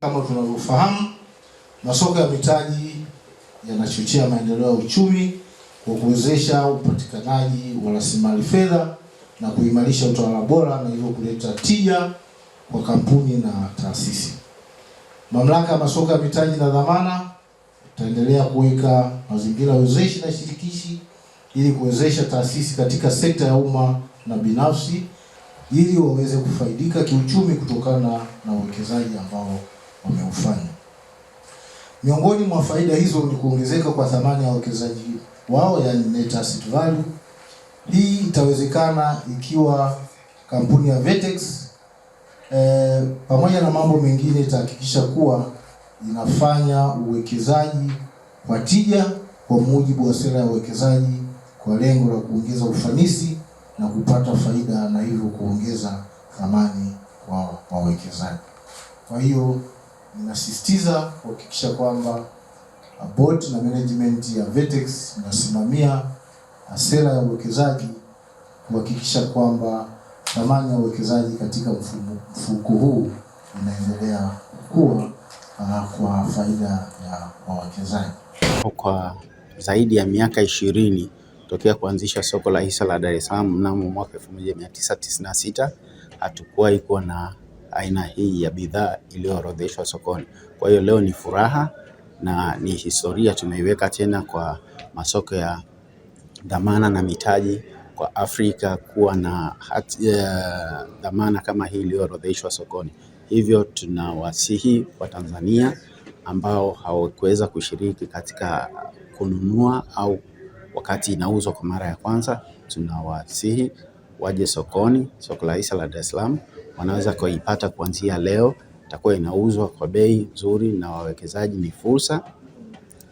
Kama tunavyofahamu, masoko ya mitaji yanachochea maendeleo ya uchumi kwa kuwezesha upatikanaji wa rasilimali fedha na kuimarisha utawala bora na hivyo kuleta tija kwa kampuni na taasisi. Mamlaka ya masoko ya mitaji na dhamana itaendelea kuweka mazingira wezeshi na shirikishi ili kuwezesha taasisi katika sekta ya umma na binafsi ili waweze kufaidika kiuchumi kutokana na uwekezaji ambao wameufanya. Miongoni mwa faida hizo ni kuongezeka kwa thamani ya wawekezaji wao, yani net asset value. Hii itawezekana ikiwa kampuni ya Vertex e, pamoja na mambo mengine itahakikisha kuwa inafanya uwekezaji kwa tija kwa mujibu wa sera ya uwekezaji kwa lengo la kuongeza ufanisi na kupata faida na hivyo kuongeza thamani kwa wawekezaji. Kwa hiyo Ninasisitiza kuhakikisha kwamba board na management ya Vertex inasimamia sera ya uwekezaji kuhakikisha kwamba thamani ya uwekezaji katika mfuko huu inaendelea kukua ah, kwa faida ya wawekezaji. Kwa zaidi ya miaka ishirini tokea kuanzisha soko la hisa la Dar es Salaam mnamo mwaka 1996 hatukuwahi kuwa na aina hii ya bidhaa iliyoorodheshwa sokoni. Kwa hiyo leo ni furaha na ni historia tumeiweka tena kwa masoko ya dhamana na mitaji kwa Afrika kuwa na hati, uh, dhamana kama hii iliyoorodheshwa sokoni. Hivyo tunawasihi Watanzania ambao hawakuweza kushiriki katika kununua au wakati inauzwa kwa mara ya kwanza, tunawasihi waje sokoni, soko la hisa la Dar es Salaam, wanaweza kuipata kuanzia leo. Itakuwa inauzwa kwa bei nzuri na wawekezaji ni fursa,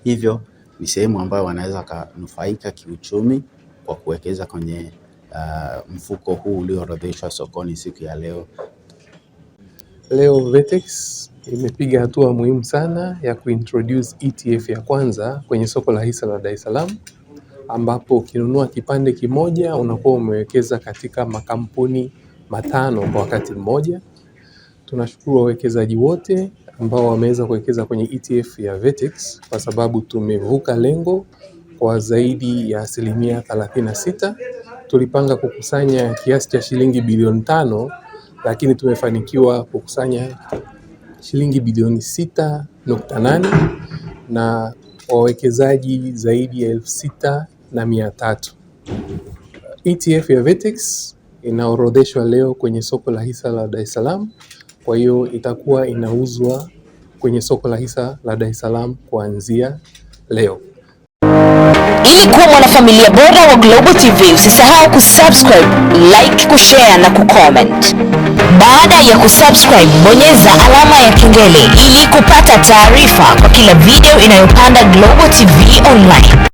hivyo ni sehemu ambayo wanaweza wakanufaika kiuchumi kwa kuwekeza kwenye uh, mfuko huu ulioorodheshwa sokoni siku ya leo. Leo Vetex imepiga hatua muhimu sana ya kuintroduce ETF ya kwanza kwenye soko la hisa la Dar es Salaam ambapo ukinunua kipande kimoja unakuwa umewekeza katika makampuni matano kwa wakati mmoja. Tunashukuru wawekezaji wote ambao wameweza kuwekeza kwenye ETF ya Vertex kwa sababu tumevuka lengo kwa zaidi ya asilimia sita Tulipanga kukusanya kiasi cha shilingi bilioni tano lakini tumefanikiwa kukusanya shilingi bilioni nane na wawekezaji zaidi ya elfu sita na mia tatu. ETF ya VETEX inaorodheshwa leo kwenye soko la hisa la Dar es Salaam, kwa hiyo itakuwa inauzwa kwenye soko la hisa la Dar es Salaam kuanzia leo. Ili kuwa mwanafamilia bora wa Global TV, usisahau kusubscribe, like, kushare na kucomment. Baada ya kusubscribe, bonyeza alama ya kengele ili kupata taarifa kwa kila video inayopanda Global TV Online.